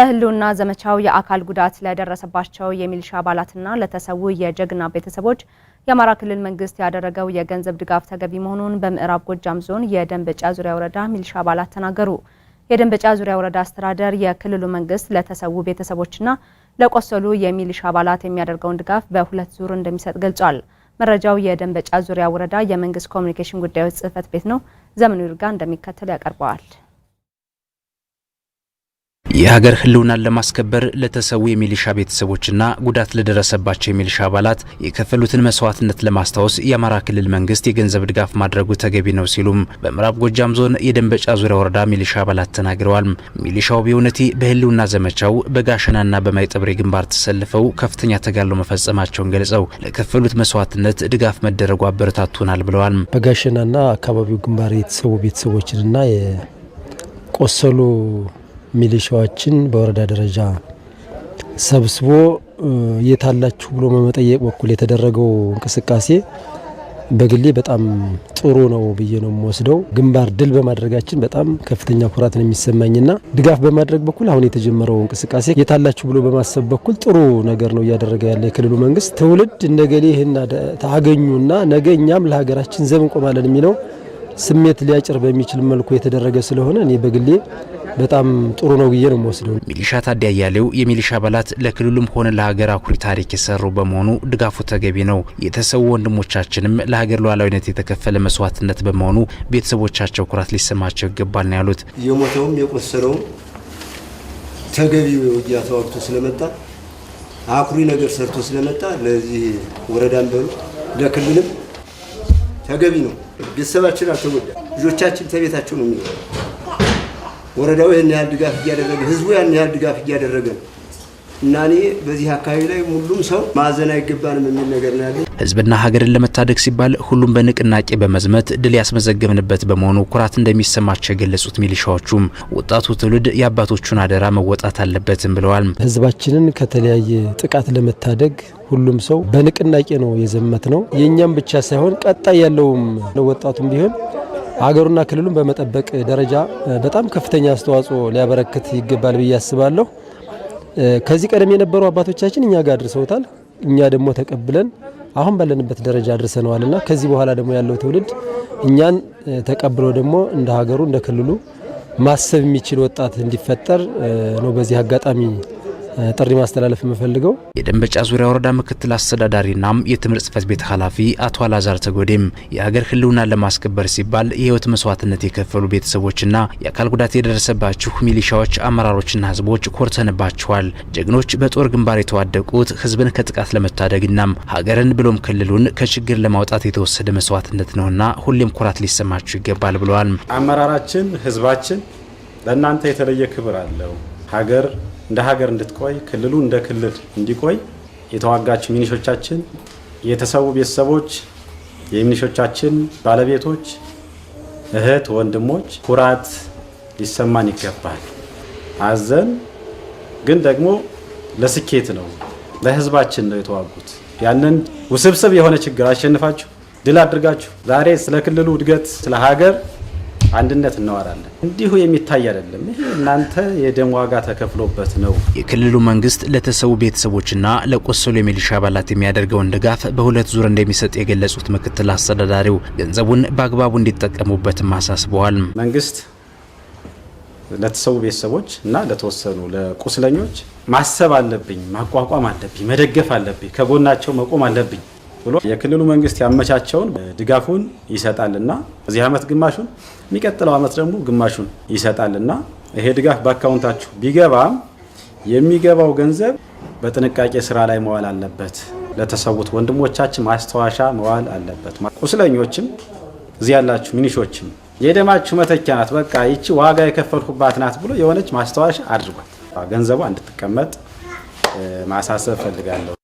በህልውና ዘመቻው የአካል ጉዳት ለደረሰባቸው የሚሊሻ አባላትና ለተሰዉ የጀግና ቤተሰቦች የአማራ ክልል መንግስት ያደረገው የገንዘብ ድጋፍ ተገቢ መሆኑን በምዕራብ ጎጃም ዞን የደንበጫ ዙሪያ ወረዳ ሚሊሻ አባላት ተናገሩ። የደንበጫ ዙሪያ ወረዳ አስተዳደር የክልሉ መንግስት ለተሰዉ ቤተሰቦችና ለቆሰሉ የሚሊሻ አባላት የሚያደርገውን ድጋፍ በሁለት ዙር እንደሚሰጥ ገልጿል። መረጃው የደንበጫ ዙሪያ ወረዳ የመንግስት ኮሚኒኬሽን ጉዳዮች ጽህፈት ቤት ነው። ዘመኑ ይርጋ እንደሚከተል ያቀርበዋል። የሀገር ህልውናን ለማስከበር ለተሰዉ የሚሊሻ ቤተሰቦችና ጉዳት ለደረሰባቸው የሚሊሻ አባላት የከፈሉትን መስዋዕትነት ለማስታወስ የአማራ ክልል መንግስት የገንዘብ ድጋፍ ማድረጉ ተገቢ ነው ሲሉም በምዕራብ ጎጃም ዞን የደንበጫ ዙሪያ ወረዳ ሚሊሻ አባላት ተናግረዋል። ሚሊሻው በእውነቴ በህልውና ዘመቻው በጋሸናና በማይጠብሬ ግንባር ተሰልፈው ከፍተኛ ተጋድሎ መፈጸማቸውን ገልጸው ለከፈሉት መስዋዕትነት ድጋፍ መደረጉ አበረታቱናል ብለዋል። በጋሸናና አካባቢው ግንባር የተሰዉ ቤተሰቦችንና የቆሰሉ ሚሊሻዎችን በወረዳ ደረጃ ሰብስቦ የታላችሁ ብሎ በመጠየቅ በኩል የተደረገው እንቅስቃሴ በግሌ በጣም ጥሩ ነው ብዬ ነው የምወስደው። ግንባር ድል በማድረጋችን በጣም ከፍተኛ ኩራት ነው የሚሰማኝና ድጋፍ በማድረግ በኩል አሁን የተጀመረው እንቅስቃሴ የታላችሁ ብሎ በማሰብ በኩል ጥሩ ነገር ነው እያደረገ ያለ የክልሉ መንግስት። ትውልድ ነገሌ ይህን ታገኙና ነገ እኛም ለሀገራችን ዘብ እንቆማለን የሚለው ስሜት ሊያጭር በሚችል መልኩ የተደረገ ስለሆነ እኔ በግሌ በጣም ጥሩ ነው ብዬ ነው የምወስደው። ሚሊሻ ታዲያ ያሌው የሚሊሻ አባላት ለክልሉም ሆነ ለሀገር አኩሪ ታሪክ የሰሩ በመሆኑ ድጋፉ ተገቢ ነው። የተሰዉ ወንድሞቻችንም ለሀገር ሉዓላዊነት የተከፈለ መስዋዕትነት በመሆኑ ቤተሰቦቻቸው ኩራት ሊሰማቸው ይገባል ነው ያሉት። የሞተውም የቆሰለውም ተገቢው የውጊያ ተዋግቶ ስለመጣ አኩሪ ነገር ሰርቶ ስለመጣ ለዚህ ወረዳን በሉ ለክልልም ተገቢ ነው። ቤተሰባችን አልተጎዳ፣ ልጆቻችን ተቤታቸው ነው የሚሆ ወረዳው ይህን ያህል ድጋፍ እያደረገ ህዝቡ ያን ያህል ድጋፍ እያደረገ እና እኔ በዚህ አካባቢ ላይ ሁሉም ሰው ማዘን አይገባንም የሚል ነገር ነው ያለ። ህዝብና ሀገርን ለመታደግ ሲባል ሁሉም በንቅናቄ በመዝመት ድል ያስመዘገብንበት በመሆኑ ኩራት እንደሚሰማቸው የገለጹት ሚሊሻዎቹም ወጣቱ ትውልድ የአባቶቹን አደራ መወጣት አለበትም ብለዋል። ህዝባችንን ከተለያየ ጥቃት ለመታደግ ሁሉም ሰው በንቅናቄ ነው የዘመት ነው። የእኛም ብቻ ሳይሆን ቀጣይ ያለውም ወጣቱም ቢሆን ሀገሩና ክልሉን በመጠበቅ ደረጃ በጣም ከፍተኛ አስተዋጽኦ ሊያበረክት ይገባል ብዬ አስባለሁ። ከዚህ ቀደም የነበሩ አባቶቻችን እኛ ጋር አድርሰውታል። እኛ ደግሞ ተቀብለን አሁን ባለንበት ደረጃ አድርሰነዋል እና ከዚህ በኋላ ደግሞ ያለው ትውልድ እኛን ተቀብሎ ደግሞ እንደ ሀገሩ እንደ ክልሉ ማሰብ የሚችል ወጣት እንዲፈጠር ነው በዚህ አጋጣሚ ጥሪ ማስተላለፍ የምፈልገው የደንበጫ ዙሪያ ወረዳ ምክትል አስተዳዳሪና የትምህርት ጽህፈት ቤት ኃላፊ አቶ አላዛር ተጎዴም የሀገር ሕልውና ለማስከበር ሲባል የህይወት መስዋዕትነት የከፈሉ ቤተሰቦችና የአካል ጉዳት የደረሰባችሁ ሚሊሻዎች፣ አመራሮችና ህዝቦች ኮርተንባችኋል። ጀግኖች በጦር ግንባር የተዋደቁት ህዝብን ከጥቃት ለመታደግና ሀገርን ብሎም ክልሉን ከችግር ለማውጣት የተወሰደ መስዋዕትነት ነውና ሁሌም ኩራት ሊሰማችሁ ይገባል ብለዋል። አመራራችን፣ ህዝባችን ለእናንተ የተለየ ክብር አለው ሀገር እንደ ሀገር እንድትቆይ ክልሉ እንደ ክልል እንዲቆይ የተዋጋች ሚኒሾቻችን፣ የተሰዉ ቤተሰቦች፣ የሚኒሾቻችን ባለቤቶች፣ እህት ወንድሞች ኩራት ሊሰማን ይገባል። አዘን ግን ደግሞ ለስኬት ነው፣ ለህዝባችን ነው የተዋጉት። ያንን ውስብስብ የሆነ ችግር አሸንፋችሁ ድል አድርጋችሁ ዛሬ ስለ ክልሉ እድገት ስለ ሀገር አንድነት እናወራለን። እንዲሁ የሚታይ አይደለም። ይሄ እናንተ የደም ዋጋ ተከፍሎበት ነው። የክልሉ መንግስት ለተሰዉ ቤተሰቦችና ለቆሰሉ የሚሊሻ አባላት የሚያደርገውን ድጋፍ በሁለት ዙር እንደሚሰጥ የገለጹት ምክትል አስተዳዳሪው ገንዘቡን በአግባቡ እንዲጠቀሙበትም አሳስበዋል። መንግስት ለተሰዉ ቤተሰቦች እና ለተወሰኑ ለቁስለኞች ማሰብ አለብኝ፣ ማቋቋም አለብኝ፣ መደገፍ አለብኝ፣ ከጎናቸው መቆም አለብኝ ብሎ የክልሉ መንግስት ያመቻቸውን ድጋፉን ይሰጣልና በዚህ ዓመት ግማሹን የሚቀጥለው ዓመት ደግሞ ግማሹን ይሰጣልና ይሄ ድጋፍ በአካውንታችሁ ቢገባም የሚገባው ገንዘብ በጥንቃቄ ስራ ላይ መዋል አለበት። ለተሰዉት ወንድሞቻችን ማስታወሻ መዋል አለበት። ቁስለኞችም እዚህ ያላችሁ ሚኒሾችም የደማችሁ መተኪያ ናት፣ በቃ ይቺ ዋጋ የከፈልኩባት ናት ብሎ የሆነች ማስታወሻ አድርጓት ገንዘቧ እንድትቀመጥ ማሳሰብ ፈልጋለሁ።